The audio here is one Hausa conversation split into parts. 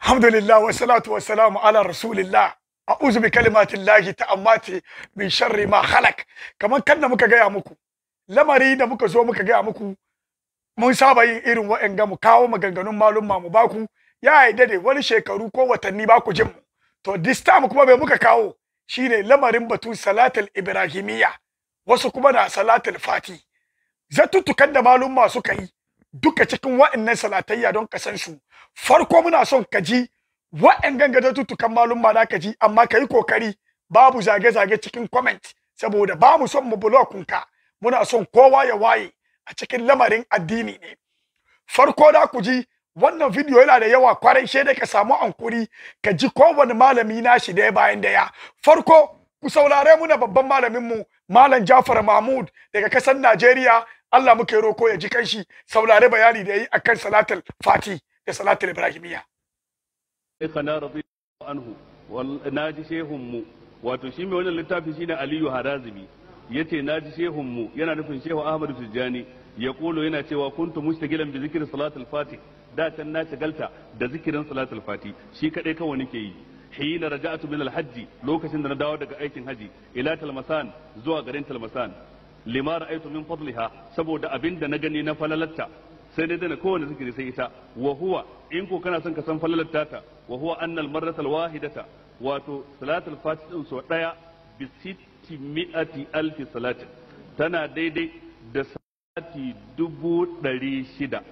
alhamdulillah wa salatu wa salamu ala rasulillah a'udhu ta kalimatillahi ta'ammati min sharri ma khalaq kaman kan muka gaya muku lamari da muka zo muka gaya muku mun saba yin irin wa'anga mu kawo maganganun malumma mu baku ya yi dade wani shekaru ko watanni ba ku jin mu to this time kuma bai muka kawo shine lamarin batun salatul ibrahimiyya wasu kuma na salatul fati zatuttukan da malumma suka yi duka cikin wa'annan salatayya don ka san su farko muna son ka ji wa'annan gazatutukan malum ma ka ji amma ka yi kokari babu zage-zage cikin comment saboda ba mu son mu bulokunka muna son kowa ya waye a cikin lamarin addini ne farko da ku ji wannan video yana da yawa kwarai she da ka samu ankuri ka ji kowane malami na shi da bayan da ya. farko ku saurare mu na babban malamin mu malam Jafar Mahmud daga kasar Najeriya Allah muke roko ya ji kanshi saurari bayani da yi akan salatul fati da salatul ibrahimiya kana radiyallahu anhu wal naji shehun mu wato shi mai wannan littafi shine Aliyu Harazimi yace naji shehun mu yana nufin shehu Ahmadu Tijjani ya kulo yana cewa kuntu mustaqilan bi zikri salatul fati da can na shagalta da zikirin salatul fati shi kadai kawai nake yi hina raja'atu min al-hajji lokacin da na dawo daga aikin haji ila talmasan zuwa garin talmasan lima ra'aytu min fadliha saboda abinda na gani na falalatta sai dai dana kowane zikiri sai ita wa huwa in ko kana son ka san falalatta ta wa huwa annal marratal wahidata wato salatul fatih din so daya bi sitti mi'ati alfi salatin tana daidai da salati dubu dari shida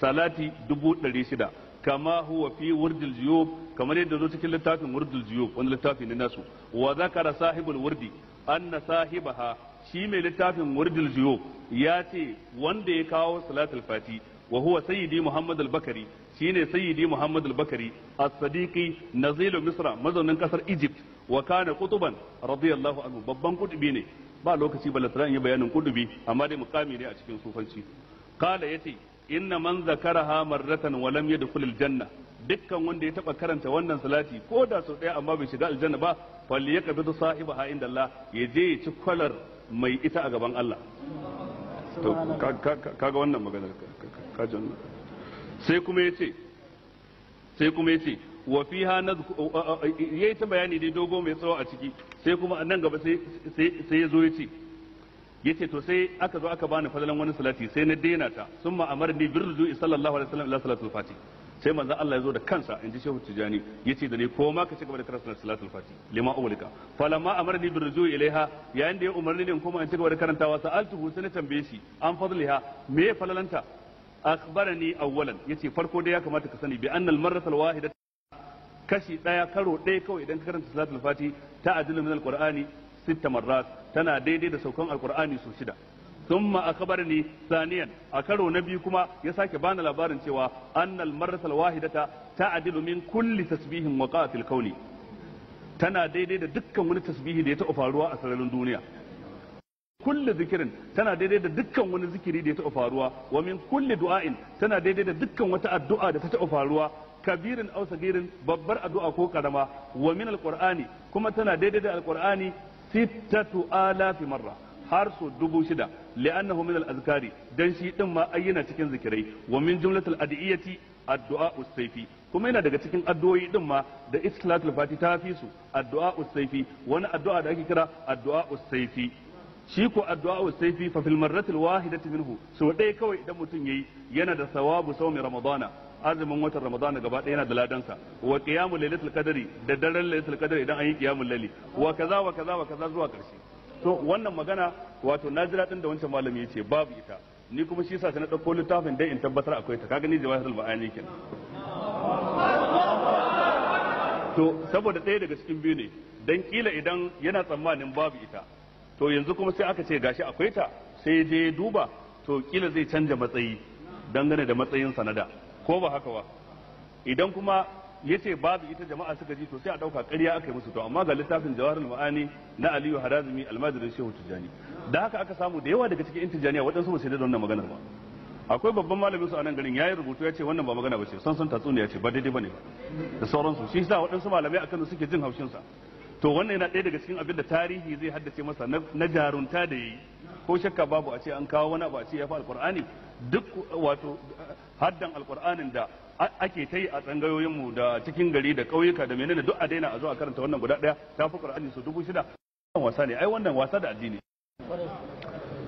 salati dubu dari shida kama huwa fi wurdil juyub kamar yadda zo cikin littafin wurdil juyub wani littafi ne nasu wa zakara sahibul wurdi anna sahibaha shi mai littafin wurdil juyo ya ce wanda ya kawo salatul fati wa huwa sayyidi muhammad al-bakari shine sayyidi muhammad al-bakari as-sadiqi nazilu misra mazaunin kasar egypt wa kana qutuban radiyallahu anhu babban kutubi ne ba lokaci balantana in yi bayanin kutubi amma dai mukami ne a cikin sufanci kala yace inna man zakaraha marratan wa lam yadkhul al-janna dukkan wanda ya taba karanta wannan salati ko da sau daya amma bai shiga aljanna ba falli ya kabi sahiba ha inda Allah ya je ya ci kwalar mai ita a gaban Allah to kaga wannan magana kaji wannan sai kuma yace sai kuma yace wa fiha yayi ta bayani dai dogo mai tsawo a ciki sai kuma nan gaba sai sai yazo yace yace to sai aka zo aka bani fadalan wani salati sai na daina ta summa amarni birruju sallallahu alaihi wasallam ila salatul fatih sai manzon Allah ya zo da kansa in ji shehu tijani ce da ni ko ma ka cigaba da karanta salatul fati lima ulika falamma amarni bi rujui ilaiha yayin da ya umarni ne koma in cigaba da karantawa sa'altuhu sai na tambaye shi an fadliha me falalanta akhbarani awwalan yace farko dai ya kamata ka sani bi annal marratal wahidatu kashi daya karo daya kawai idan ka karanta salatul fati ta adilu min alqur'ani sita marrat tana daidai da saukan alqur'ani su shida thumma akhbarani saniyan a karo na biyu kuma ya sake bani labarin cewa annal marratal wahidata ta'dilu min kulli tasbihin a filkauni. tana daidai da dukkan wani tasbihi da ya taɓa faruwa a sararin duniya kulli zikirin tana daidai da dukkan wani zikiri da ya taɓa faruwa wa min kulli du'ain tana daidai da dukkan wata addu'a da ta taɓa faruwa kabirin aw babbar addu'a ko karama wa min alqur'ani kuma tana daidai da alqur'ani sittatu alafi marra har su dubu shida li'annahu min al-azkari dan shi din ma ayyana cikin zikirai wa min jumlatil adiyati addu'a usayfi kuma yana daga cikin addu'o'i din ma da islatul fati ta fi su addu'a usayfi wani addu'a da ake kira addu'a usayfi shi ko addu'a usayfi fa fil marratil wahidati minhu so dai kawai idan mutum yayi yana da sawabu sawmi ramadana azumin watan ramadana gaba ɗaya yana da ladansa wa qiyamul lailatul qadri da daren lailatul qadri idan an yi qiyamul laili wa kaza wa kaza wa kaza zuwa karshe to wannan magana wato na ji din da wancan malami ya ce babu ita ni kuma shi yasa sai na dauko littafin dai in tabbatar akwai ta kaga ni jawahirul ma'ani to saboda ɗaya daga cikin biyu ne dan kila idan yana tsammanin babu ita to yanzu kuma sai aka ce gashi akwai ta sai je duba to kila zai canja matsayi dangane da matsayin sanada ko ba haka ba idan kuma Ya ce babu ita jama'a suka ji to sai a ɗauka ƙarya aka yi musu to amma ga littafin jawarin ma'ani na Aliyu Harazimi almajirin Shehu Tijjani da haka aka samu da yawa daga cikin yan Tijjaniya waɗansu ba su da wannan maganar ba akwai babban malamin su a nan garin yayi rubutu ya ce wannan ba magana ba ce son son tatsuniya ce ba daidai ba ne da sauransu shi yasa waɗansu malamai a akan suke jin haushinsa. to wannan yana ɗaya daga cikin abin da tarihi zai haddace masa na jarunta da ya yi ko shakka babu a ce an kawo wani abu a ce ya fi Alƙur'ani duk wato haddan alqur'anin da ake ta yi a tsangayoyinmu da cikin gari da ƙauyuka da menene duk a daina a zo a karanta wannan guda ɗaya ta fi ƙar'ani su dubu shida wannan wasa ne ai wannan wasa da addini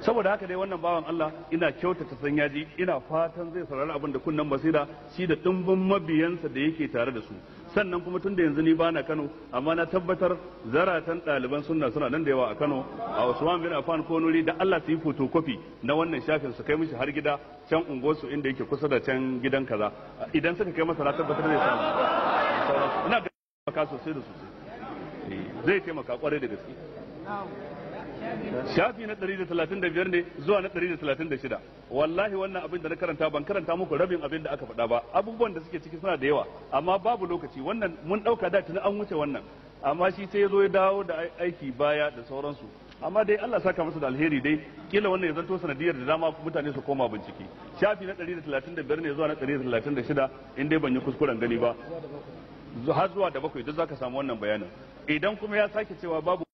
saboda haka dai wannan bawan Allah ina kyautata san yaji ina fatan zai saurari abin da kunnan basira shi da dimbin mabiyansa da yake tare da su sannan kuma tun da yanzu ni bana Kano amma na tabbatar zaratan ɗaliban sunna suna nan da yawa a Kano a Usman bin Affan ko nuri da Allah su yi photocopy na wannan shafin su kai mishi har gida can unguwarsu inda yake kusa da can gidan kaza idan suka kai masa na tabbatar zai samu ina ga sosai da sosai zai taimaka kwarai da gaske shafi na 135 ne zuwa na 136 wallahi wannan abin da na karanta ban karanta muku rabin abin da aka faɗa ba abubuwan da suke ciki suna da yawa amma babu lokaci wannan mun ɗauka da tuni an wuce wannan amma shi sai ya zo ya dawo da aiki baya da sauransu amma dai Allah saka masa da alheri dai kila wannan ya zanto sanadiyar da dama mutane su koma bincike shafi na 135 ne zuwa na 136 in dai ban yi kuskuren gani ba har zuwa da bakwai duk zaka samu wannan bayanin idan kuma ya sake cewa babu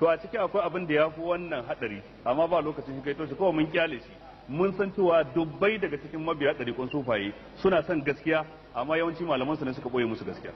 to a ciki akwai abin da ya fi wannan hadari amma ba lokacin shi kai to shi kawai mun kyale shi mun san cewa dubbai daga cikin mabiya kun sufaye suna son gaskiya amma yawanci malaman su ne suka boye musu gaskiya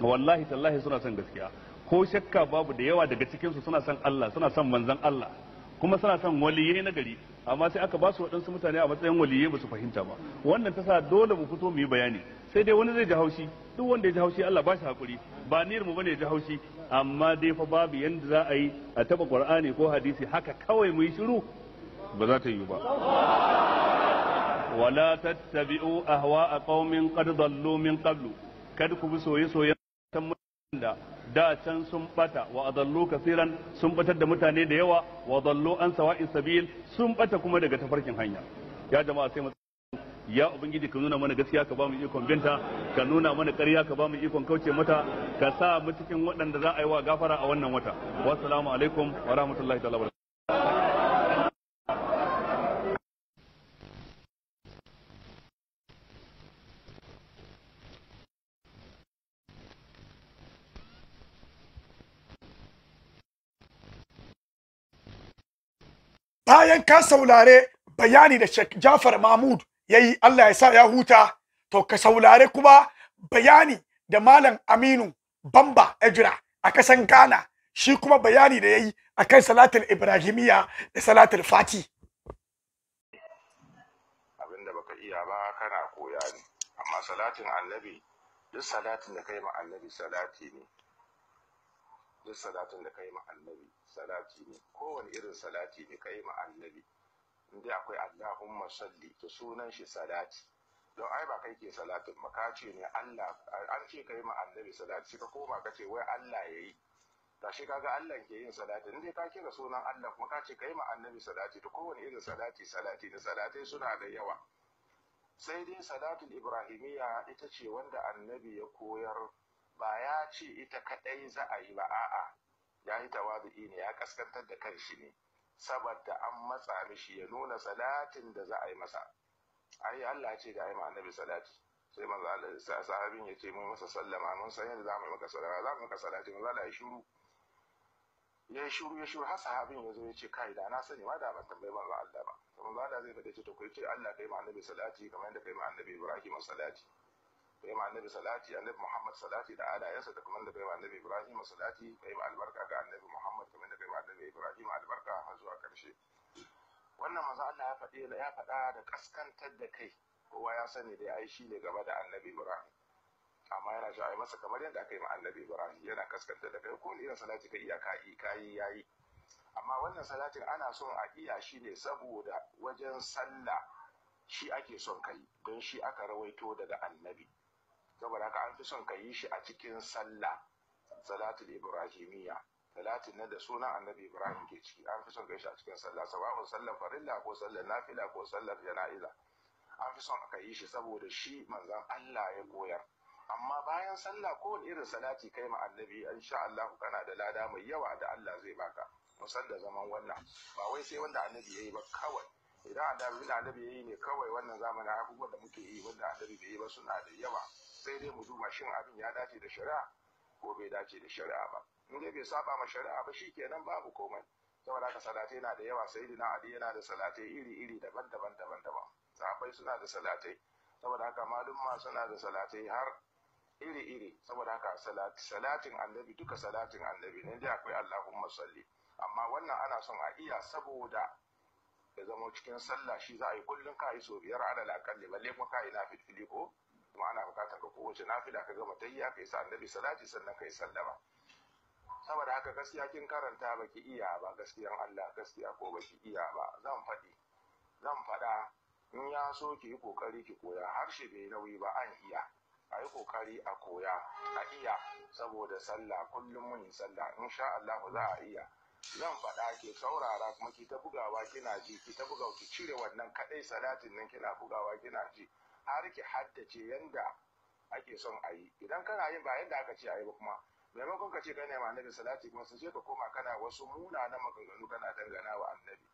wallahi tallahi suna son gaskiya ko shakka babu da yawa daga cikinsu suna son Allah suna son manzon Allah kuma suna son waliyai na gari amma sai aka ba su waɗansu mutane a matsayin waliyai ba su fahimta ba wannan ta sa dole mu fito mu yi bayani sai dai wani zai ji haushi duk wanda ya ji haushi Allah ba shi hakuri ba niyyar mu bane ya ji haushi amma dai fa babu yanda za a yi a taba Qur'ani ko hadisi haka kawai mu yi shiru ba za ta yi ba wala tattabi'u ahwa'a qaumin qad dallu min qablu kada ku bi soye-soyen da da can sun bata wa adallu kasiran sun batar da mutane da yawa wa dallu an sawa'i sabil sun bata kuma daga tafarkin hanya ya jama'a sai ya ubangiji ka nuna mana gaskiya ka ba mu ikon binta ka nuna mana ƙarya ka ba mu ikon kauce mata ka sa mu cikin waɗanda za a yi wa gafara a wannan wata wassalamu alaikum wa rahmatullahi ta'ala wa bayan ka saurare bayani da Sheikh Jafar Mahmud yayi Allah ya sa ya huta to ka saulare kuma bayani da malam Aminu Bamba Ejira a kasan Ghana shi kuma bayani da yayi akan salatul ibrahimiya da salatul fati abinda baka iya ba kana koya ne amma salatin annabi duk salatin da kai ma annabi salati ne duk salatin da kai ma annabi salati ne kowane irin salati ne kai ma annabi inda akwai Allahumma salli to sunan shi salati don ai ba kai ke salatin ba ka ce ne Allah an ce kai ma annabi salati sai ka koma ka ce wai Allah yayi Tashi kaga Allah ke yin salati inda ka kira sunan Allah kuma ka ce kai ma annabi salati to kowane irin salati salati da salatai suna da yawa sai dai salatul ibrahimiyya ita ce wanda annabi ya koyar ba ya ce ita kadai za a yi ba a'a ya yi tawazu'i ne ya kaskantar da kanshi ne saboda an matsa mishi ya nuna salatin da za a yi masa ai Allah ce da ai ma annabi salati sai manzo Allah sahabin ya ce mun masa sallama mun san yadda za mu maka salama za mu maka salati mun Allah yi shuru. ya shuru ya shuru har sahabin ya zo ya ce kai da na sani ma da ban tambayi manzo Allah ba manzo Allah zai fada ce to ku ce Allah kai ma annabi salati kamar yadda kai ma annabi Ibrahim salati kai ma annabi salati annabi muhammad salati da alayansa da kuma da kai ma annabi ibrahim salati kai ma albarka ga annabi muhammad kuma da kai ma annabi ibrahim albarka har zuwa karshe wannan manzo Allah ya faɗi ya faɗa da kaskantar da kai kowa ya sani da ai shi ne gaba da annabi ibrahim amma yana shi ai masa kamar yadda aka yi ma annabi ibrahim yana kaskantar da kai ko ni irin salati kai iya kai kai yayi amma wannan salatin ana son a iya shi ne saboda wajen sallah shi ake son kai don shi aka rawaito daga annabi saboda haka an fi son ka yi shi a cikin sallah salatul ibrahimiyya talatin na da sunan annabi ibrahim ke ciki an fi son ka yi shi a cikin sallah sawa'un sallar farilla ko sallar nafila ko sallar jana'iza an fi son ka yi shi saboda shi manzon Allah ya koyar amma bayan sallah kowane irin salati kai ma annabi insha Allah kana da lada mai yawa da Allah zai baka musan da zaman wannan ba wai sai wanda annabi yayi ba kawai idan annabi annabi yayi ne kawai wannan zamanin abubuwan da muke yi wanda annabi bai yi ba suna da yawa sai dai mu duba shin abin ya dace da shari'a ko bai dace da shari'a ba in dai bai saba ma shari'a ba Shi kenan babu komai saboda haka salatai na da yawa sai na ali yana da salatai iri iri daban daban daban daban sahabbai suna da salatai saboda haka malumma suna da salatai har iri iri saboda haka salatin annabi duka salatin annabi ne dai akwai Allahumma salli amma wannan ana son a iya saboda ya zama cikin sallah shi za a yi kullum ka yi so biyar adala akalli balle kuma ka yi na fitfili ko kuma ana bukatar ka kowace nafila ka gama tayya kai sa annabi salati sannan kai sallama saboda haka gaskiya kin karanta baki iya ba gaskiyan Allah gaskiya ko baki iya ba zan faɗi zan faɗa in ya so ki yi kokari ki koya harshe bai nauyi ba an iya a yi kokari a koya a iya saboda sallah kullum mun sallah insha Allah za a iya zan faɗa ke saurara kuma ki ta bugawa kina ji ki ta bugawa ki cire wannan kadai salatin nan kina bugawa kina ji A rike haddace yanda ake son a yi idan kana yin ba yanda aka ce a yi ba kuma maimakon ka ce kana ma annabi salati kuma sai ka koma kana wasu muna munanan maganganu kana dangana wa annabi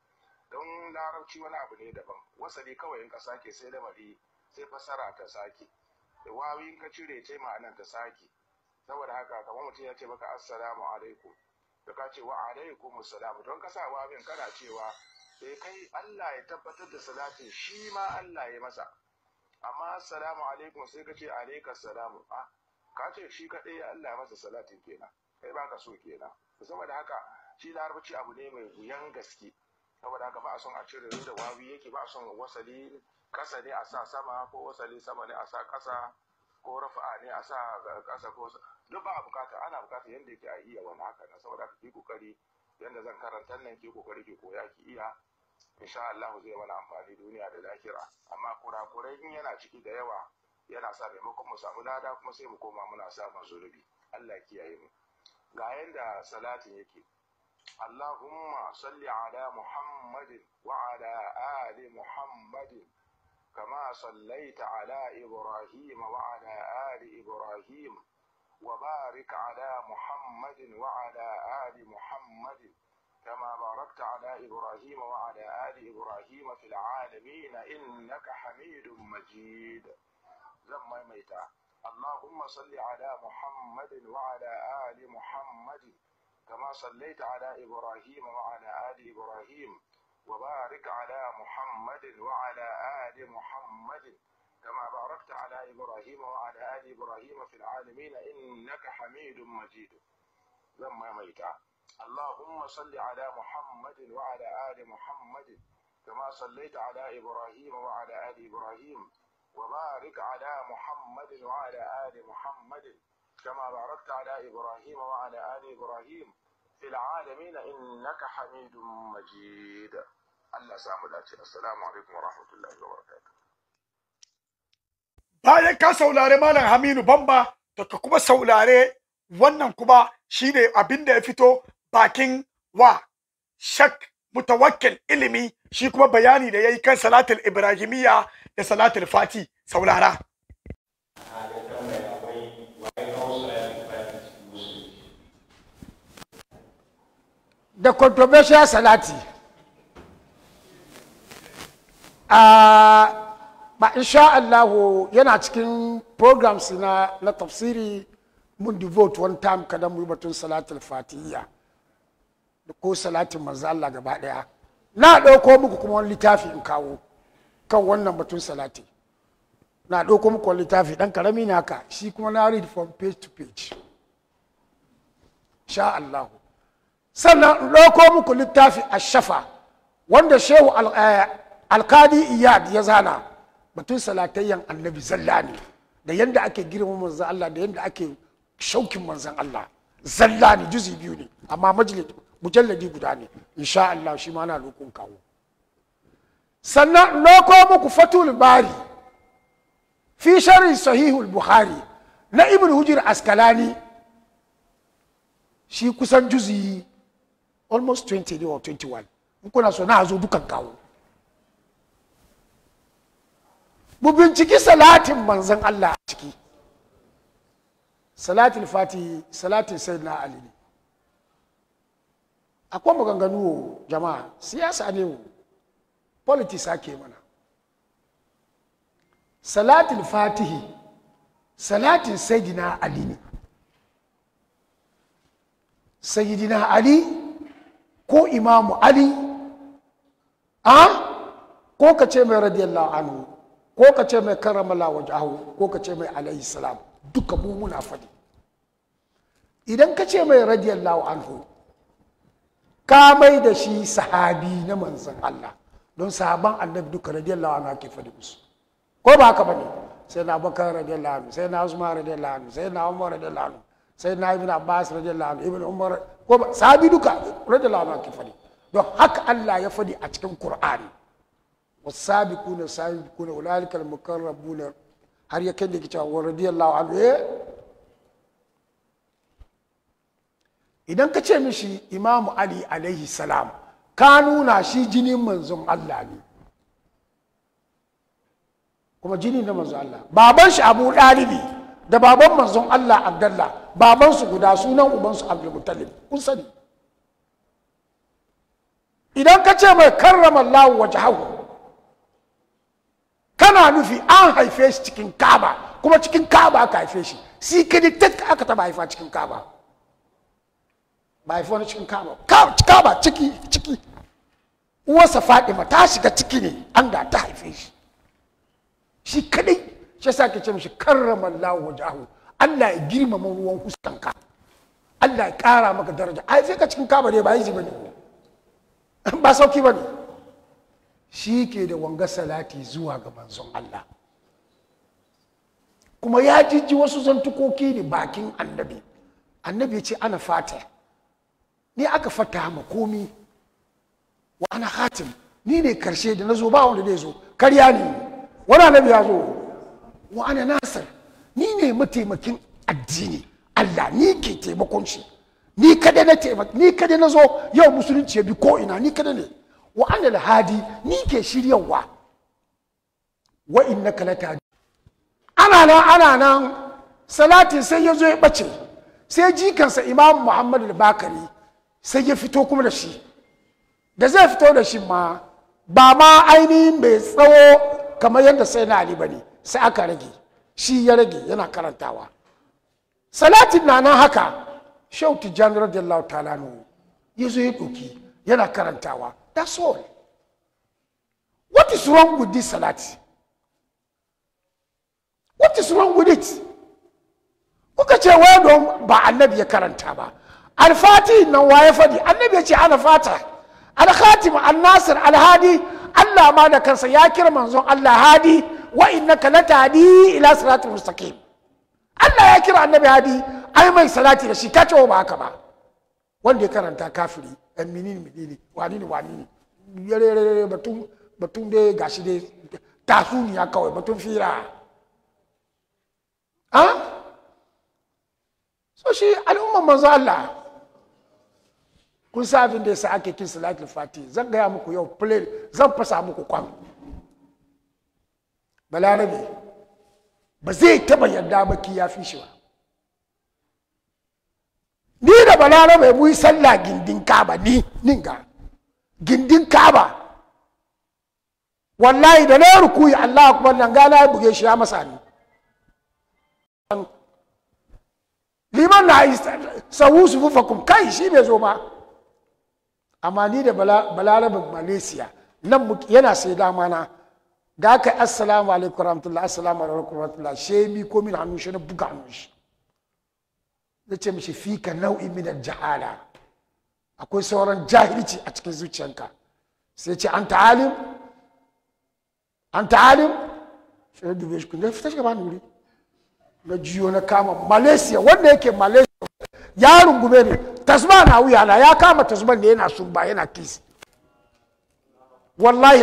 don larabci wani abu ne daban wasali kawai in ka sake sai lamari sai fasara ta sake da wawi in ka cire ce ma'anar ta sake saboda haka kamar mutum ya ce maka assalamu alaikum da ka ce wa alaikum assalam don ka sa wawin kana cewa sai eh, kai Allah ya tabbatar da salatin shi ma Allah ya masa amma assalamu alaikum sai ka ce alaika salamu a ah, ka ce shi kaɗai ya Allah masa salatin kenan kai baka so kenan saboda haka shi larabci abu ne mai wuyan gaske saboda haka ba a son a cire da wawi yake ba a son wasali kasa ne a sa sama ko wasali sama ne a sa kasa ko rafa'a ne a sa kasa ko duk ba a bukata ana bukata yadda yake a iya wani haka na saboda haka ki kokari yadda zan karanta nan ki kokari ki koya ki iya insha Allah zai mana amfani duniya da lahira amma kurakurai in yana ciki da yawa yana sa maimakon mu samu lada kuma sai mu koma muna samun zurubi Allah kiyaye mu ga yanda salatin yake Allahumma salli ala Muhammadin wa ala ali Muhammadin كما صليت على إبراهيم وعلى آل إبراهيم وبارك على محمد وعلى آل محمد كما باركت على إبراهيم وعلى آل إبراهيم في العالمين إنك حميد مجيد لما ميتا اللهم صل على محمد وعلى آل محمد كما صليت على إبراهيم وعلى آل إبراهيم وبارك على محمد وعلى آل محمد كما باركت على إبراهيم وعلى آل إبراهيم في العالمين إنك حميد مجيد لما ميتا اللهم صل على محمد وعلى آل محمد كما صليت على إبراهيم وعلى آل إبراهيم وبارك على محمد وعلى آل محمد كما باركت على إبراهيم وعلى آل إبراهيم في العالمين إنك حميد مجيد الله سامو dace assalamu alaikum wa rahmatullahi wa bayan ka saulare malam Haminu Bamba da ka kuma saulare wannan kuma shine abin da ya fito bakin wa shak mutawakkil ilimi shi kuma bayani da yayi kan salatul ibrahimiyya da salatul fati saulara. da controversial salati a ah, ba insha Allahu yana cikin programs na na tafsiri mun devote one time kada mu batun salatul fatihiyya ko salatin manzo Allah gaba daya na ɗauko muku kuma wani littafi in kawo kan wannan batun salati na ɗauko muku wani littafi ɗan karami ne haka shi kuma na read from page to page sha Allah sannan ɗauko muku littafi ashafa shafa wanda shehu alkadi eh, iyad ya zana batun salatayyan annabi zalla ne da yadda ake girma manzo Allah da yadda ake shaukin manzan Allah zalla ne juzi biyu ne amma majalis mujalladi guda ne insha Allah shi ma na lokun kawo sannan loko muku fatul bari fi sharri sahihul bukhari na ibn hujir askalani shi kusan juzi almost 20 ne or 21 in kuna so na zo dukan kawo mu binciki salatin manzon Allah a ciki salatin fati salatin sayyidina ali ne akwai maganganu jama'a siyasa ne politics ake mana salatin fatihi salatin sayidina ali ne sayidina ali ko imamu ali a ko ka ce mai radiyallahu anhu ko ka ce mai karamala wajahu ko ka ce mai alayhi salam duka mu muna faɗi idan ka ce mai radiyallahu anhu ka mai da shi sahabi na manzan Allah don sahaban annabi duka radiyallahu anhu ake faɗi musu ko ba haka bane sai na bakar radiyallahu anhu sai na usman radiyallahu anhu sai na umar radiyallahu anhu sai na ibn abbas radiyallahu anhu ibn umar ko ba sahabi duka radiyallahu anhu ake faɗi don haka Allah ya faɗi a cikin Qur'ani wasabiquna sabiquna ulaika al-muqarrabuna har ya kai da cewa radiyallahu anhu eh idan ka ce mishi imamu ali alaihi salam ka nuna shi jinin manzon Allah ne kuma jini na manzon Allah baban shi abu ɗalibi da baban manzon Allah abdallah baban su guda sunan ubansu abdulmutallib kun sani idan ka ce mai karrama waje hagu, kana nufi an haife shi cikin kaba kuma cikin kaba aka haife shi si kadi aka taba haifa cikin kaba ba haifi wani cikin kaba ciki ciki uwarsa fadima ta shiga ciki ne an da ta haife shi shi kadai shi sa ke ce mishi karrama Allah wajahu Allah ya girmama ruwan ka Allah ya kara maka daraja ai sai ka cikin kaba ne ba yi bane ba sauki bane shi ke da wanga salati zuwa ga manzon Allah kuma ya jijji wasu zantukoki ne bakin annabi annabi ya ce ana fata ni aka fata ma komi wa ana hatim ni ne karshe da nazo ba wanda zai zo karya ne wani annabi ya zo wa ana nasir ni ne mataimakin addini Allah ni ke taimakon shi ni kada na taimaka ni kada na zo yau musulunci ya bi ko ina ni kada ne wa ana alhadi ni ke shiryawa wa innaka lata ana nan ana nan salatin sai ya zo ya bace sai jikansa imam muhammadu bakari sai ya fito kuma da shi da zai fito da shi ma ba ma ainihin bai tsawo kamar yadda sai na ali bane sai aka rage shi ya rage yana karantawa salatin na nan haka shau tijjan radiyallahu ta'ala nu ya zo ya ɗauki yana karantawa that's all what is wrong with this salati what is wrong with it kuka ce wai don ba annabi ya karanta ba alfati nan waye fadi annabi ya ce ana fata alkhatim annasir alhadi allah ma da kansa ya kira manzon allah hadi wa innaka latadi ila siratul mustaqim allah ya kira annabi hadi ai mai salati da shi ka ce ba haka ba wanda ya karanta kafiri dan minini minini, wani ne wani ne yare batun batun da gashi dai tasuniya kawai batun fira ah so shi al'umman manzo Allah kun sa abin da sa ake kin salatul fati zan gaya muku yau plain zan fasa muku kwan balarabe ba zai taba yarda maki ya fi shi ba ni da balarabe mu yi sallah gindin kaba ni ninga gindin kaba wallahi da na rukuyi Allah akbar nan ga na buge shi ya masa ni liman na yi sawu su fufa kai shi bai zo ba amma ni da balarabin malaysia nan yana sai dama na da aka yi assalamu alaikum rahmatullah assalamu alaikum rahmatullah she mi ko min hannun shi na buga hannun shi na ce mishi fi ka nau'i min jahala akwai sauran jahilci a cikin zuciyanka sai ce an ta'alim an ta'alim shi na dube shi kun fita shi gaba nuri na jiyo na kama malaysia wanda yake malaysia ya rungume ne tasma na wuyana na ya kama tasban da yana sumba yana kis wallahi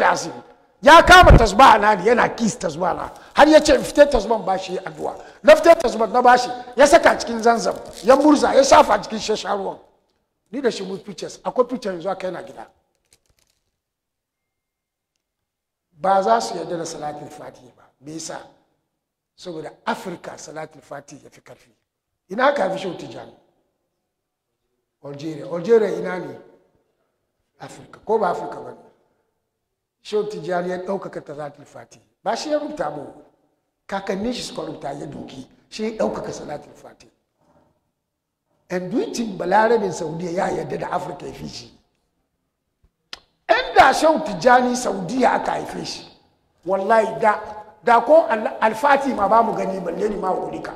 ya kama tasma na ne yana kis tasma na har ya ce fite tasban ba shi addu'a na fite tasban na bashi ya saka cikin zanzam ya murza ya safa cikin shasharuwan ni da shi mu pictures akwai picture yanzu aka yana gida ba za su yarda da salatul fatiha ba me yasa saboda afirka salatul fatiha ya fi karfi ina ka fi shautu algeria algeria ina ne afirka ko ba afirka ba ne wata jihar ya ɗaukaka ta zatul fati ba shi ya rubuta mu. kakannin shi suka rubuta ya doki shi ya ɗaukaka salatul fati yanduncin balarabin saudiya ya yarda da afirka ya fi shi Inda da shau tijjani saudiya aka haife shi wallahi da da ko alfati ma ba mu gani balle ni ma ka.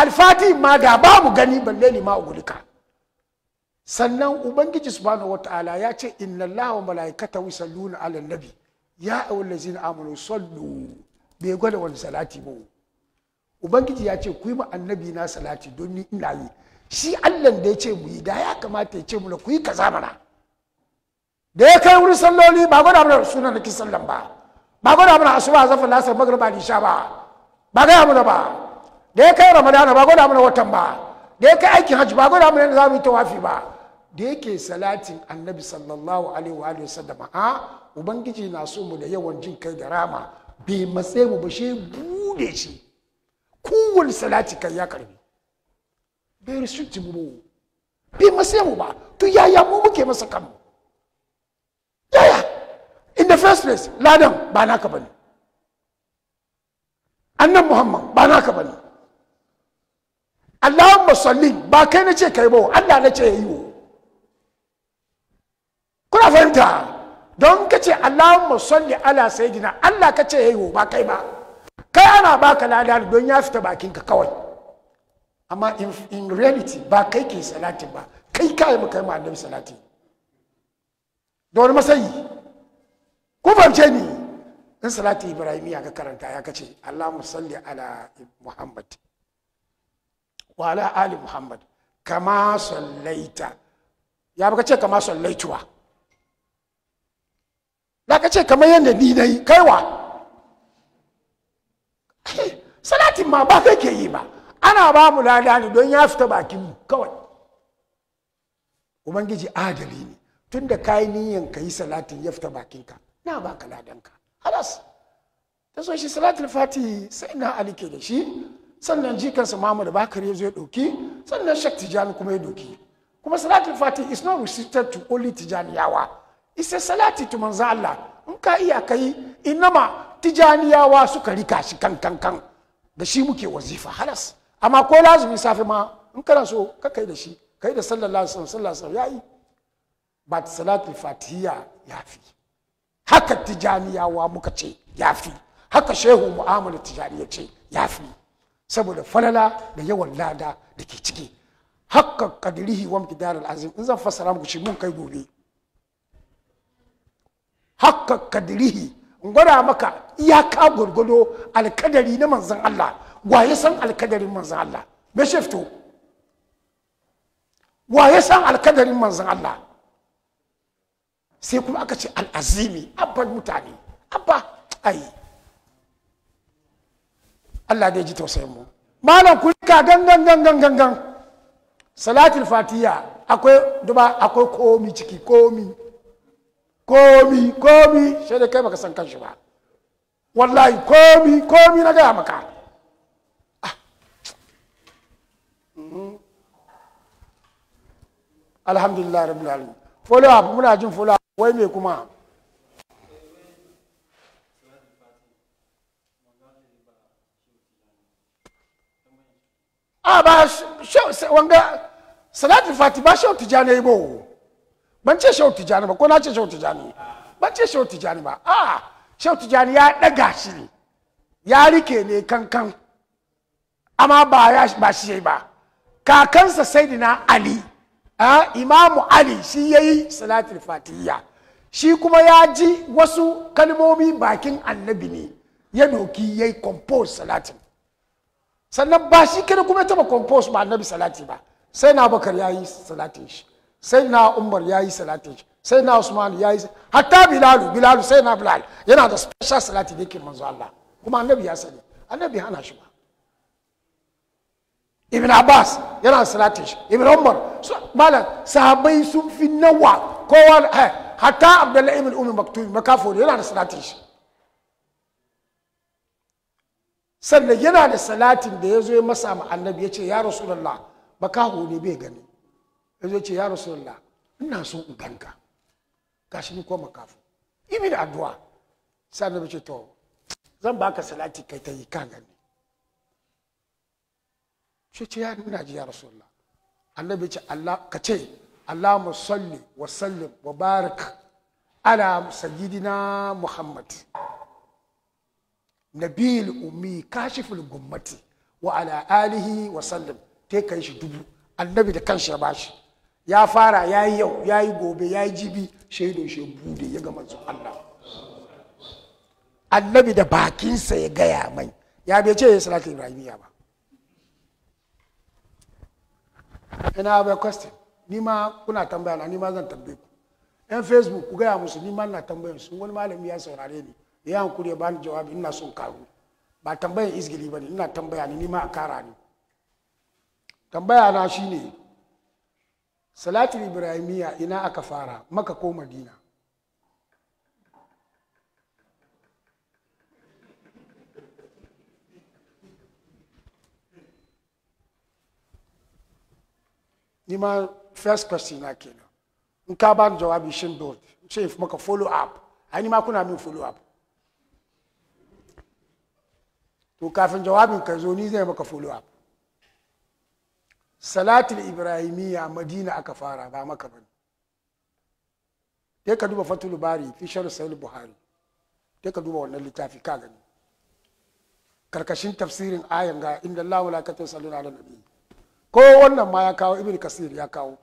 alfati ma da babu gani balle ne ma ugulika sannan ubangiji subhanahu wataala ya ce inna allaha wa malaikatahu yusalluna ala nabi ya ayyuhallazina amanu sallu bai gwada wani salati ba ubangiji ya ce ku yi ma annabi na salati don ni ina yi shi allah da ya ce mu yi da ya kamata ya ce mu ku yi kaza mana da ya kai wurin salloli ba gwada mana sunan da ki sallan ba ba gwada mana asuba zafa lasar magarba nisha ba ba gaya mana ba da ya kai ramadana ba gwada mana watan ba da ya kai aikin hajji ba gwada mana yadda za mu yi tawafi ba da yake salatin annabi sallallahu alaihi wa sallama a ubangiji na so mu da yawan jin kai da rama bai matsayi mu ba shi bude shi kowane salati kai ya karbi bai risunti mu bai matsayi mu ba to yaya mu muke masa kan yaya in the first place ladan ba naka bane annan muhammad ba naka bane allahun salli ba kai na ce kai ba Allah na ce ya yi kuna fahimta don ka ce Allahun musalli ala sayyidina Allah ka ce ya yi ba kai ba kai ana baka lada don ya fita bakinka kawai amma in, reality ba kai ke salati ba kai kai mu kai annabi salati da wani masayi ku fahimce ni in salati ya ka karanta ya kace Allahun salli ala Muhammad wala ali muhammad kama sallaita ya baka ce kama sallaituwa da ka ce kamar yadda ni na yi kaiwa salatin ma ba kai ke yi ba ana ba mu lada ne don ya fita bakin kawai ubangiji adali ne tun da kayi niyan ka yi salatin ya fita bakinka na ba ka ladanka halas ta so shi salatin fati sai na ke da shi sannan jikansa da Bakar ya zo ya doki sannan Sheikh Tijani kuma ya doki kuma salatul fatih is not restricted to only Tijaniyawa isa a salati to manzo Allah in ka iya kai inama Tijaniyawa suka rika shi kan kan kan da shi muke wazifa halas amma ko lazumi safe ma in kana so ka kai da shi kai da sallallahu alaihi wasallam sallallahu yayi ba salatul fatiha yafi haka tijaniyawa muka ce yafi haka shehu mu'amala tijani ya ce yafi saboda falala da yawan lada da ke ciki hakka kadirihi wa miqdaril al'azim in zan fassara muku shi mun kai gobe hakka kadirihi in gwada maka iyaka gwargwado alkadari na manzan Allah waye san alkadarin manzan Allah me shifto waye san alkadarin manzan Allah sai kuma aka ce al'azimi abban mutane abba ai Allah dai ji tausayin mu malam ku ka gangan gangan gangan salatul fatiha akwai duba akwai komi ciki komi komi komi shi da kai baka san kanshi ba wallahi komi komi na gaya maka ah. mm-hmm. alhamdulillah rabbil alamin follow up muna jin follow up wai me kuma a ah, ba wanga salatul fati ba shau tijani ba ban ce shau tijani ba ko na ce shau tijani ban ce shau tijani ba a ah, shau tijani ya daga shi ne ya rike ne kankan amma ba ya ba shi ba kakansa saidina ali a imamu ali shi yayi salatul fatiya shi kuma ya ji wasu kalmomi bakin annabi ne ya doki yayi compose salatin sannan ba shi kada kuma taba compost ba annabi salati ba sai na bakar ya yi salatin shi sai na umar ya yi salatin shi sai na usman ya yi hatta bilalu bilalu sai na bilal yana da special salati da yake manzo Allah kuma annabi ya sani annabi hana shi ba ibn abbas yana salatin shi ibn umar malam sahabbai sun fi nawa kowa eh, hatta abdullahi ibn umar maktubi makafo yana da salatin shi sannan yana da salatin da ya zo ya masa ma annabi ya ce ya ba ka ne bai gani ya zo ya ce ya rasulullah ina so in ganka shi ni ko makafu ibi da addu'a sai annabi ce to zan baka salati kai ta yi ka gani shi ce ya nuna ji ya rasulullah annabi ce Allah ka ce Allahumma salli wa sallim wa barik ala sayyidina Muhammad nabil ummi kashiful gummati wa ala alihi wa sallam te kai shi dubu annabi da kanshi ya bashi ya fara ya yi yau ya yi gobe ya yi jibi shaidun shi bude ya ga manzon Allah annabi da bakinsa ya gaya mai ya bai ce ya yi salatin rahimiyya ba ina bai question ni ma kuna tambaya na ni ma zan tambaye ku yan facebook ku gaya musu ni ma na tambayar su wani malami ya saurare ni ya hankuri ya bani jawabi ina son karu ba tambayan izgili ba ne ina tambaya ne nima a kara ne tambaya na shi ne salatul ibrahimiyya ina aka fara maka ko madina nima first question na kenan in ka bani jawabi shin build shin maka follow up ai nima kuna min follow up to kafin jawabin ka zo ni zai maka follow up salatul ibrahimiyya madina aka fara ba maka ba. dai ka duba fatul bari fi sharh sahih buhari dai ka duba wannan littafi ka gani karkashin tafsirin ayan ga inda Allah wala ka tasalluna ala nabi ko wannan ma ya kawo ibnu kasir ya kawo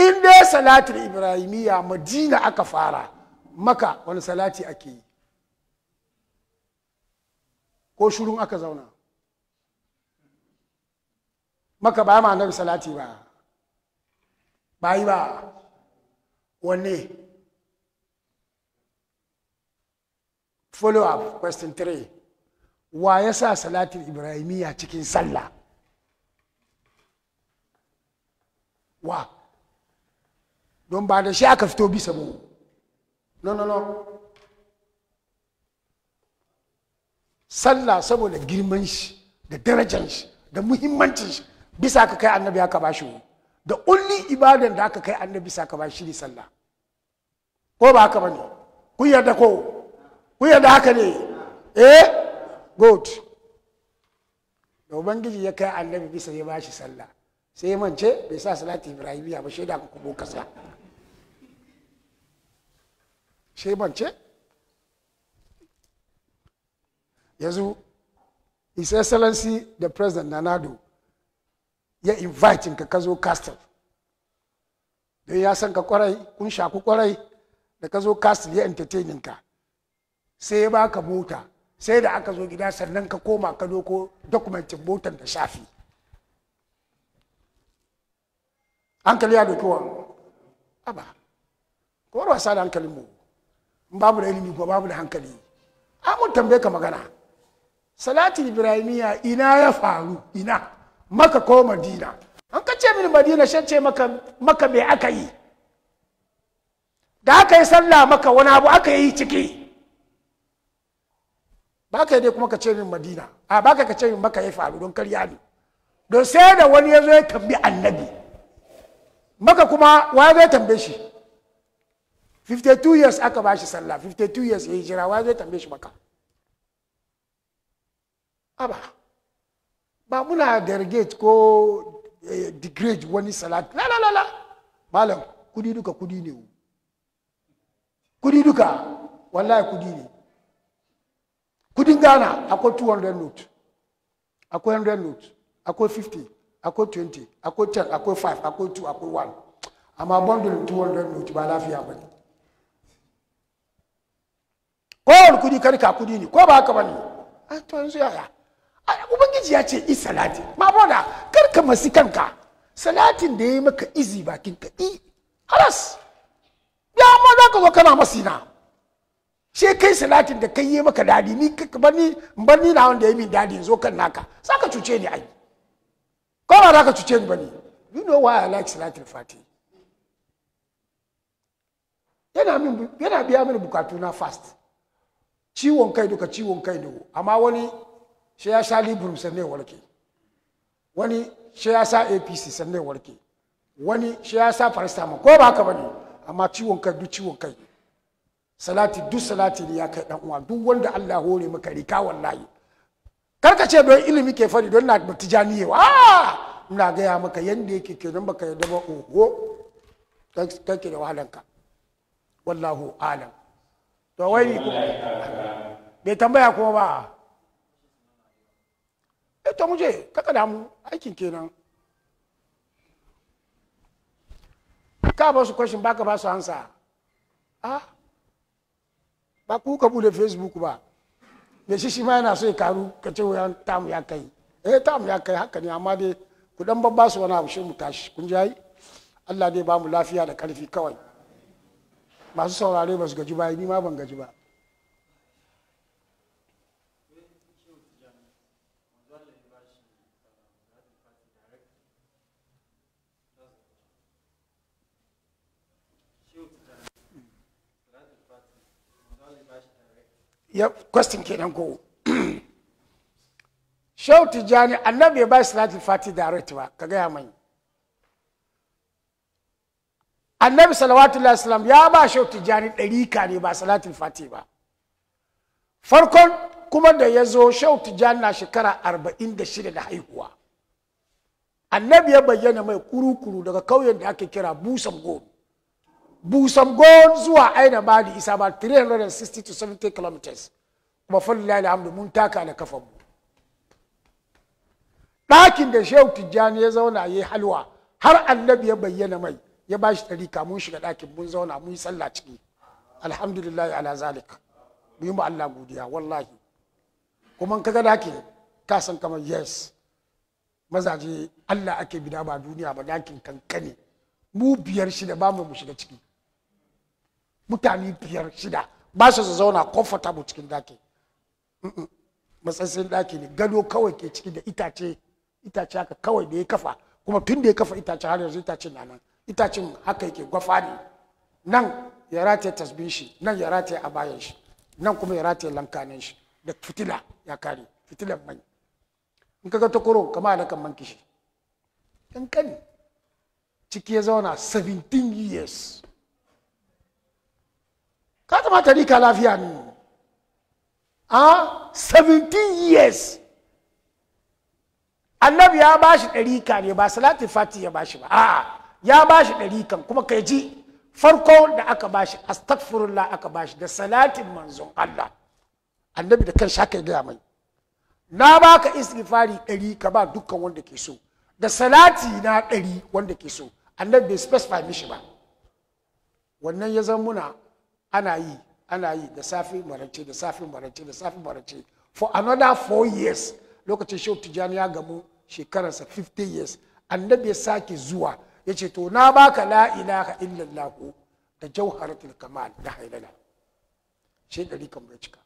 in dai salatul ibrahimiyya madina aka fara maka wani salati ake yi ko shurun aka zauna maka ba ma annabi salati ba ba yi ba wanne follow up question 3 wa ya sa salatin ibrahimiyya cikin sallah wa don ba da shi aka fito bisa mu no no no sallah saboda girman shi da darajan shi da muhimmancin shi bisa ka kai annabi aka ba shi da only ibadan da aka kai annabi bisa ka ba shi ne sallah ko ba haka bane Ku yarda ko ku yarda haka ne eh good da ubangiji ya kai annabi bisa ya ba shi sallah sai ya mance bai sa salati ibrahimiya ba shaida ka kubo kasa sai mance yanzu his excellency the president nanado ya invite ka ka zo castle don ya san ka kwarai kun shaku kwarai da ka zo castle ya entertaining ka sai ya baka mota sai da aka zo gida sannan ka koma ka doko dokumentin motar da shafi hankali ya doki wa aba kowar wasa da hankalin mu babu da ilimi ko babu da hankali amur ah, mun tambaye ka magana salati ibrahimiya ina ya faru ina maka ko madina an ka ce mini madina shan ce maka maka me aka yi da aka yi sallah maka wani abu aka yi ciki ba ka yi dai kuma ka ce min madina a ba ka ce min maka ya faru don karya ne don sai da wani ya zo ya tambi annabi maka kuma wa zai tambaye shi 52 years aka ba shi sallah 52 years ya hijira wa zai tambaye shi maka aba ba muna derogate ko eh, degrade wani salat la la la la malam kudi duka kudi ne kudi duka wallahi kudi ne kudin ghana akwai 200 note akwai 100 note akwai 50 akwai 20 akwai 10 akwai 5 akwai 2 akwai 1 amma bundle 200 note ba lafiya ba ne kowane kudi karka kudi ne ko ba haka ba ne a ah, to yanzu yaya ubangiji ya ce yi salati ma boda, kar ka masi kanka salatin da ya yi maka izi bakin ka i halas ya amma za ka zo kana masina sai kai salatin da kai yi maka dadi ni bani ni na wanda ya min dadi zo kan naka za ka cuce ni ai ko ba za ka cuce ni ni. you know why i like salatin fati yana yana biya mini bukatu na fast ciwon kai duka ciwon kai duka amma wani shi ya sa liberum sannan ya warke wani shi ya sa apc sannan ya warke wani shi ya sa ma ko ba haka ba ne amma ciwon kai duk ciwon kai salati duk salati ne ya kai dan uwa duk wanda Allah hore maka rika wallahi karka ce don ilimi ke fari don na tijaniye wa ah! ina gaya maka yanda yake ke don baka yadda ba oho kake da wahalanka wallahu alam to wai bai tambaya kuma ba eh muje ka je kaka damu aikin kenan ka ba su question baka ba su ansa ah ba ku ka bude facebook ba me shi shi ma yana so ya karu ka ce wayan tamu ya kai eh tamu ya kai haka ne amma dai ku dan babba su wani abu shi mu tashi kun ji ai Allah dai ba mu lafiya da karfi kawai masu saurare ba su gaji ba ni ma ban gaji ba ya question kenan ko shau Tijani annabi ya ba shi salatul fati direct ba ka gaya mai annabi alaihi wasallam ya ba shau tijjani dariƙa ne ba salatul fati ba farkon kuma da ya zo shau Tijani na shekara arba'in da shida da haihuwa annabi ya bayyana mai kuru-kuru daga kauyen da ake kira Busam gobe busan gon zuwa aina ba da isa ba 360 to 70 kilometers kuma falilai alhamdu mun taka da kafan mu ɗakin da shehu tijjani ya zauna ya yi halwa har annabi ya bayyana mai ya ba shi ɗari mun shiga ɗakin mun zauna mun yi sallah ciki alhamdulillah ala zalik mu yi mu Allah godiya wallahi kuma kaga ɗakin ka san kamar yes mazaje Allah ake bida ba duniya ba ɗakin kankane mu biyar shida ba mu shiga ciki mutane biyar shida ba su zauna comfortable cikin daki matsatsin daki ne gado kawai ke ciki da itace itace haka kawai da ya kafa kuma tun da ya kafa itace har yanzu itacen na nan itacen haka yake gwafa ne nan ya rataye tasbin shi nan ya rataye a bayan shi nan kuma ya rataye lankanin shi da fitila ya kare fitilan mai in ga ta koro kama kan man kishi kankani ciki ya zauna 17 years ka tari tarika lafiya ne a 17 years annabi ya ba shi ɗarika ne ba salatin fati ya ba shi ba a'a ya ba shi ɗarikan kuma ka ji farko da aka ba shi astagfirullah aka ba shi da salatin manzon Allah annabi da kan shaka gaya mai na baka istighfari ɗari ka ba dukkan wanda ke so da salati na ɗari wanda ke so annabi bai specify mishi ba wannan ya zama muna ana yi ana yi da safi marance da safi marance da safi marance for another four years lokacin shehu tijjani ya gamu shekararsa 50 years annabi ya sake zuwa ya ce to na baka la ilaha illallah da jauharatul kamal da hailala shi gari kan bai cika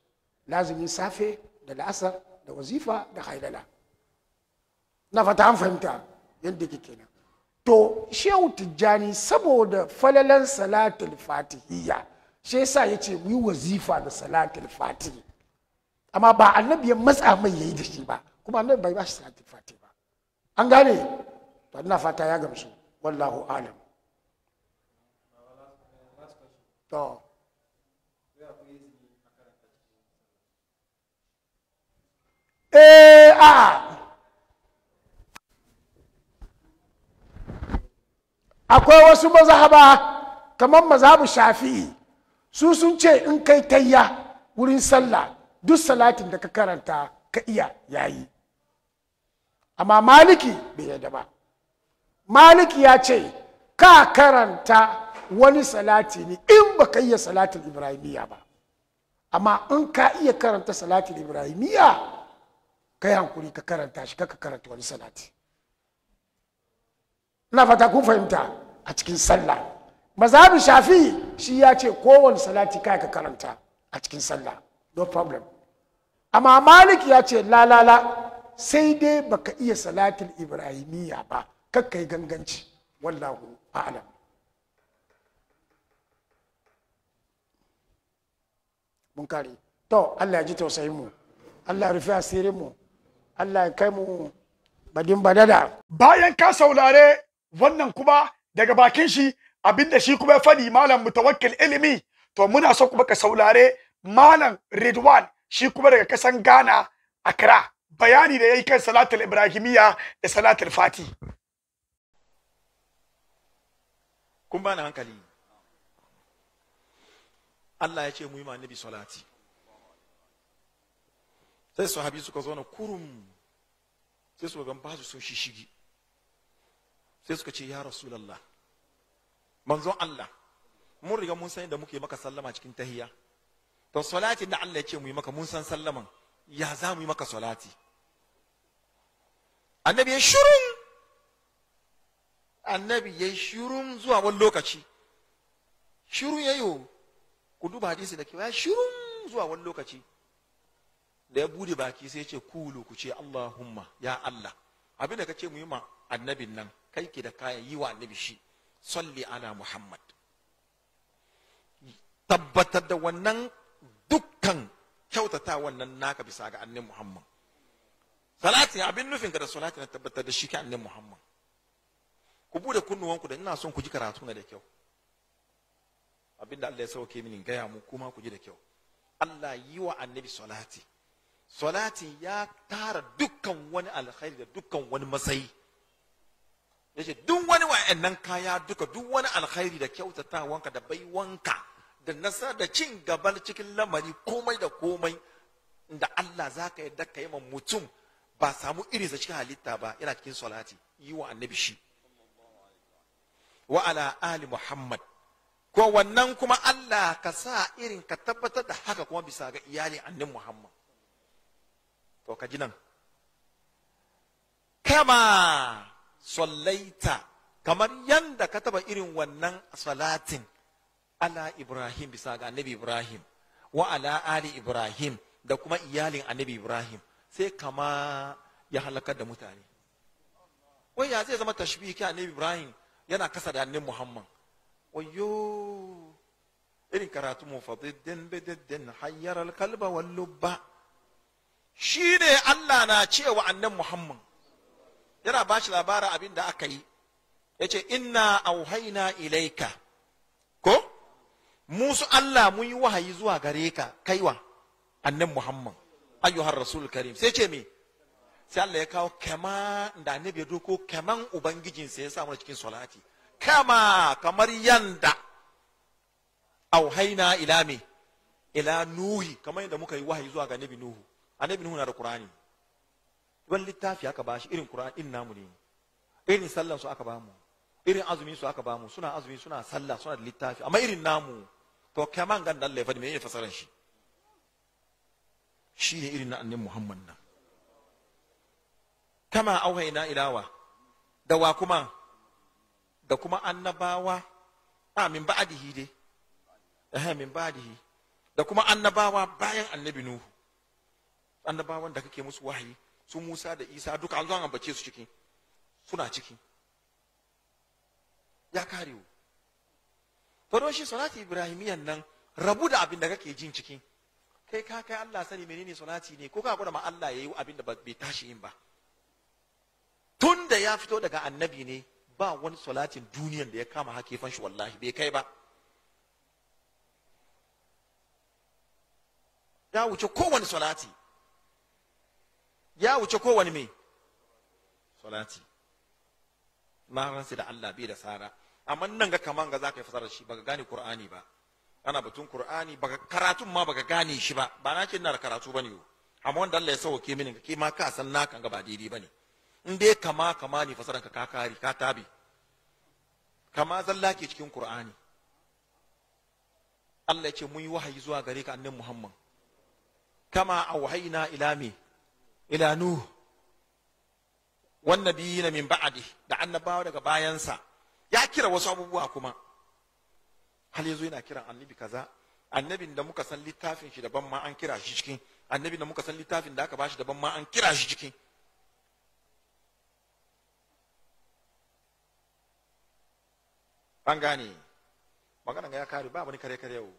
lazimi safe da la'asar da wazifa da hailala na fata an fahimta yadda ke kenan to shehu tijjani saboda falalan salatul fatihiyya shi yasa ya ce yi wazifa da salatul fati amma ba annabi ya matsa mai yayi da shi ba kuma annabi bai ba shi salatul fati ba an gane to ina fata ya gamsu wallahu alam to eh a akwai wasu mazhaba kamar mazhabu shafi'i su sun ce in kai tayya wurin sallah duk salatin da ka karanta ka iya yayi amma maliki bai yadda ba maliki ya ce ka karanta wani salati ne in ba ka iya salatin Ibrahimiyya ba amma in ka iya karanta salatin Ibrahimiyya, ka yi hankuri ka karanta shi kaka karanta wani salati na fata kun fahimta a cikin sallah mazhabin shafi. shi ya ce kowane salati kai ka karanta a cikin sallah no problem amma malik ya ce lalala sai dai baka iya salatin ibrahimiyya ba kakkai ganganci wallahu a'lam mun kare to allah ya ji tausayin mu allah ya rufe asirin mu allah ya kai mu badin badada bayan ka saurare wannan kuma daga bakin shi abinda shi kuma ya fadi malam mutawakkil ilimi to muna so kuma ka saulare malam Ridwan shi kuma daga kasan Ghana Accra bayani da yayi kan salatul ibrahimiya da salatul fati kun bani hankali Allah ya ce mu yi ma annabi salati sai sahabi suka zo na kurum sai suka gan ba su shishigi sai suka ce ya rasulullah manzon Allah mun riga mun san da muke maka sallama cikin tahiya to salati da Allah ya ce mu yi maka mun san sallaman ya za mu yi maka salati annabi ya shurun annabi ya shurun zuwa wani lokaci shurun ya ku duba hadisi da kewa ya shurun zuwa wani lokaci da ya bude baki sai ya ce kulu ku ce Allahumma ya Allah abin da ka ce mu yi ma annabin nan kai ke da kayan yi wa annabi shi salli ala muhammad tabbatar da wannan dukkan kyautata wannan naka bisa ga annin muhammad salatin abin nufin ka da salatin na tabbatar da shi ka annin muhammad ku bude kunnuwanku da ina son ku ji karatu na da kyau abinda Allah ya sauke mini gaya mu kuma ku ji da kyau Allah yi wa annabi salati salati ya tara dukkan wani alkhairi da dukkan wani matsayi yace duk wani wa'annan kaya duka duk wani alkhairi da kyautatawanka da baiwanka da nasara da cin gabal cikin lamari komai da komai da Allah za zaka yarda ka yi ma mutum ba samu irinsa cikin halitta ba yana cikin salati yi wa annabi shi wa ali muhammad ko wannan kuma Allah ka sa irin ka tabbatar da haka kuma bisa ga iyali annin muhammad to ka ji nan kama sallaita kamar yanda ka taba irin wannan salatin ala Ibrahim bisa ga annabi Ibrahim wa ala ali Ibrahim da kuma iyalin annabi Ibrahim sai kama ya halakar da mutane wai ya zai zama tashbihi ke annabi Ibrahim yana kasa da annabi Muhammad wayo irin karatu mu fadiddin bididdin hayyar alkalba wal Shi ne Allah na cewa annabi Muhammad yana ba shi labarin abin da aka yi ya ce inna auhaina ilaika ko musu Allah mun yi wahayi zuwa gare ka kaiwa annan Muhammad ayyuhar rasul karim sai ce me sai Allah ya kawo kama da annabi ya doko kaman ubangijinsa ya samu cikin salati kama kamar yanda auhaina ila me ila nuhi kamar yadda muka yi wahayi zuwa ga nabi nuhu annabi nuhu na da qur'ani wani littafi aka ba shi irin Qur'an din namu ne irin sallan su aka ba mu irin azumi su aka ba mu suna azumi suna sallah suna da littafi amma irin namu to kaman gan dan laifin me ne fasaran shi shine irin na annabi Muhammad nan kama auhaina ilawa da wa kuma da kuma annabawa a min ba'dihi dai eh min ba'dihi da kuma annabawa bayan annabi Nuhu annabawan da kake musu wahayi su Musa da Isa duka an zo an ambace su ciki suna ciki ya kare wu shi salati ibrahimiyan nan rabu da abin da kake jin ciki kai ka kai Allah sani menene salati ne ko ka gwada ma Allah yayi abin da bai tashi yin ba tun da ya fito daga annabi ne ba wani salatin duniyan da ya kama hakifan shi wallahi bai kai ba ya wuce kowane salati ya wuce kowane me salati na ransu da Allah bai da tsara amma nan ga kaman ga zaka yi fasara shi baka gane Qur'ani ba ana batun Qur'ani baka karatun ma baka gane shi ba ba na ce ina da karatu bane yo amma wanda Allah ya sauke mini ke ma ka san na ga ba daidai bane in dai kama kama ne fasaran ka kakari ka tabi kama zalla ke cikin Qur'ani Allah ya ce mun yi wahayi zuwa gare ka annabi Muhammad kama auhayna ila me ila wannan wan na min ba'adi da annabawa daga bayansa ya kira wasu abubuwa kuma hal yazo yana kiran annabi kaza annabin da muka san littafin shi daban ma an kira shi cikin annabin da muka san littafin da aka bashi daban ma an kira shi cikin an gane ga ya kare ba wani kare kare yau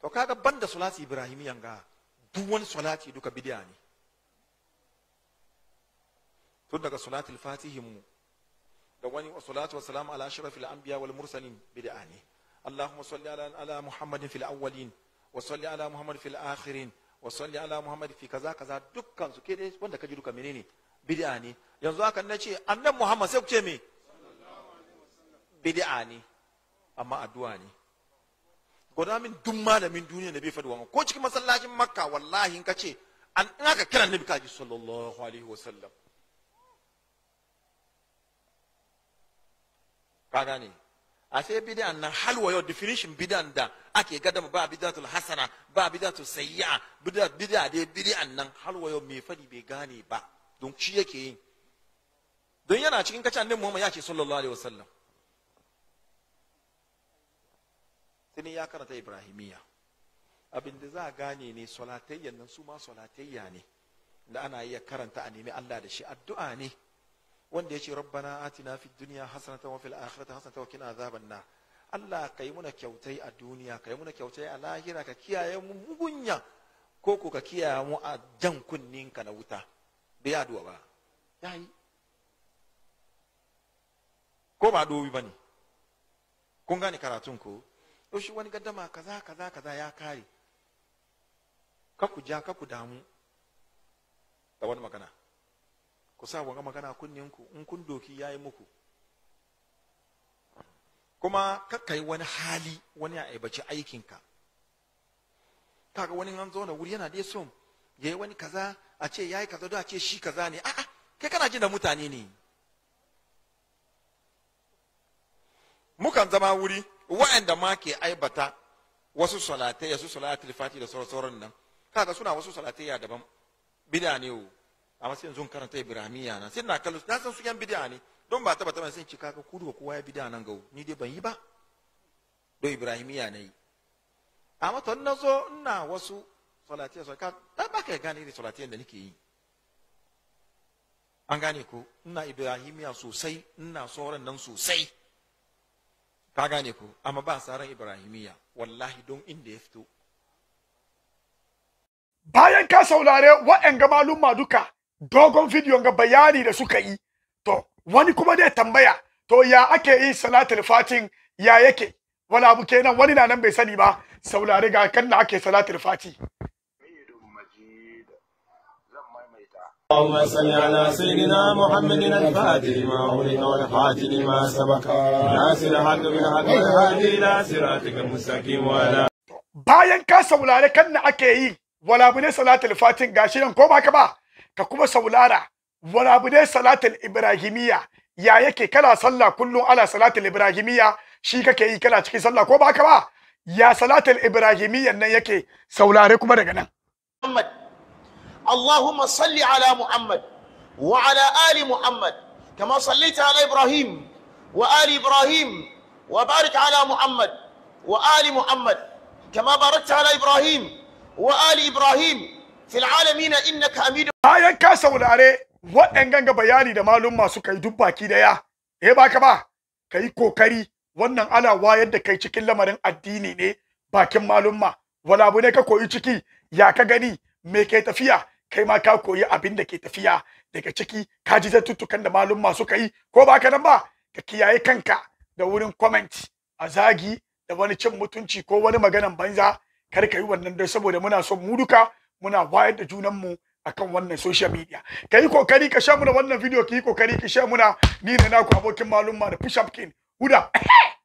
to kaga banda salati ibrahimiyan ga duk wani salati duka bidiyani. tun daga salatul fatihim mu da wani salatu wa salam ala ashrafil anbiya wal mursalin bid'a ne allahumma salli ala ala muhammadin fil awwalin wa salli ala muhammad fil akhirin wa salli ala muhammad fi kaza kaza dukkan su wanda kaji duka menene bid'a ne yanzu haka na ce annan muhammad sai ku ce me bid'a ne amma addu'a ne gwada min duk duniya da bai faɗi ko cikin masallacin makka wallahi in ka ce an aka kira nabi ka ji sallallahu alaihi wasallam ka gane a sai bid'an nan halwa yau definition bid'an da ake gada ba tul hasana ba bid'atul sayyi'a bid'a bid'a dai bid'an nan halwa yau mai fadi bai gane ba don shi yake yin don yana cikin kace annabi Muhammad ya ce sallallahu alaihi wasallam sai ya karanta ibrahimiya abin da za a gane ne salatayyan nan su ma salatayya ne da ana iya karanta a nemi Allah da shi addu'a ne wanda ya yace rabbana atina fid dunya hasanatan wa fil akhirati hasanatan wa qina adhaban nar Allah kai muna kyautai a duniya kai muna kyautai a lahira ka kiyaye mu mugunya ko ko ka kiyaye mu a jan ka na wuta bai addu'a ba yayi ko ba dobi bane kun gane karatun ko yau shi wani gaddama kaza kaza kaza ya kare ka ku ja ka ku damu da wani magana ku sa wa magana kunninku in kun doki ya yi muku kuma yi wani hali wani ya aibaci aikinka kaga wani an zo na wuri yana dai son ya yi wani kaza a ce ya yi kaza da a ce shi kaza ne a'a kai kana jin da mutane ne mukan zama wuri wa'anda ma ke aibata wasu salatai su salatul fati da sauran nan kaga suna wasu ya daban bida ne amma sai yanzu karanta ibrahimiya na sai na kallo na san su yan bid'a ne don ba taba taba sai ci kaga ku duka kowa ya bid'a nan gawo ni dai ban yi ba don ibrahimiya na yi amma to na zo ina wasu salatiya so ka da ba ka gane irin salatiyan da nake yi an gane ko ina ibrahimiya sosai ina sauran nan sosai ka gane ko amma ba saran ibrahimiya wallahi don inda ya fito bayan ka saurare wa'yan ga malumma duka dogon video ga bayani da suka yi to wani kuma dai tambaya to ya ake yin salatul fatin ya yake wani abu kenan wani na nan bai sani ba saurari ga kan da ake salatul fati اللهم صل على سيدنا محمد الفاتح ما أغلق والخاتم ما سبق ناصر الحق بالحق والهادي إلى صراطك المستقيم وعلى bayan ka saurari kan da ake yi wala bune salatul fatin gashi nan ko ba ka ba ka kuma saulara wani abu ne salatul ibrahimiyya ya yake kana sallah kullum ala salatul ibrahimiyya shi kake yi kana cikin sallah ko ba ka ba ya salatul ibrahimiyyan nan yake saulare kuma daga nan Muhammad Allahumma salli ala Muhammad wa ala ali Muhammad kama sallaita ala Ibrahim wa ali Ibrahim wa barik ala Muhammad wa ali Muhammad kama barakta ala Ibrahim wa ali Ibrahim fil alamina innaka amidu bayan ka saurare waɗannan ga bayani da malum suka yi duk baki daya eh baka ba kai kokari wannan ana wayar da kai cikin lamarin addini ne bakin malumma wala abu ne ka koyi ciki ya ka gani me kai tafiya kai ma ka koyi abin da ke tafiya daga ciki ka ji tutukan da malum suka yi ko baka nan ba ka kiyaye kanka da wurin comment a zagi da wani cin mutunci ko wani maganan banza kar ka yi wannan dai saboda muna son mu duka muna wayar da junan mu akan wannan social media ka yi kokari ka sha muna wannan video ka yi kokari ka sha muna ni da naku abokin malumma da push up king huda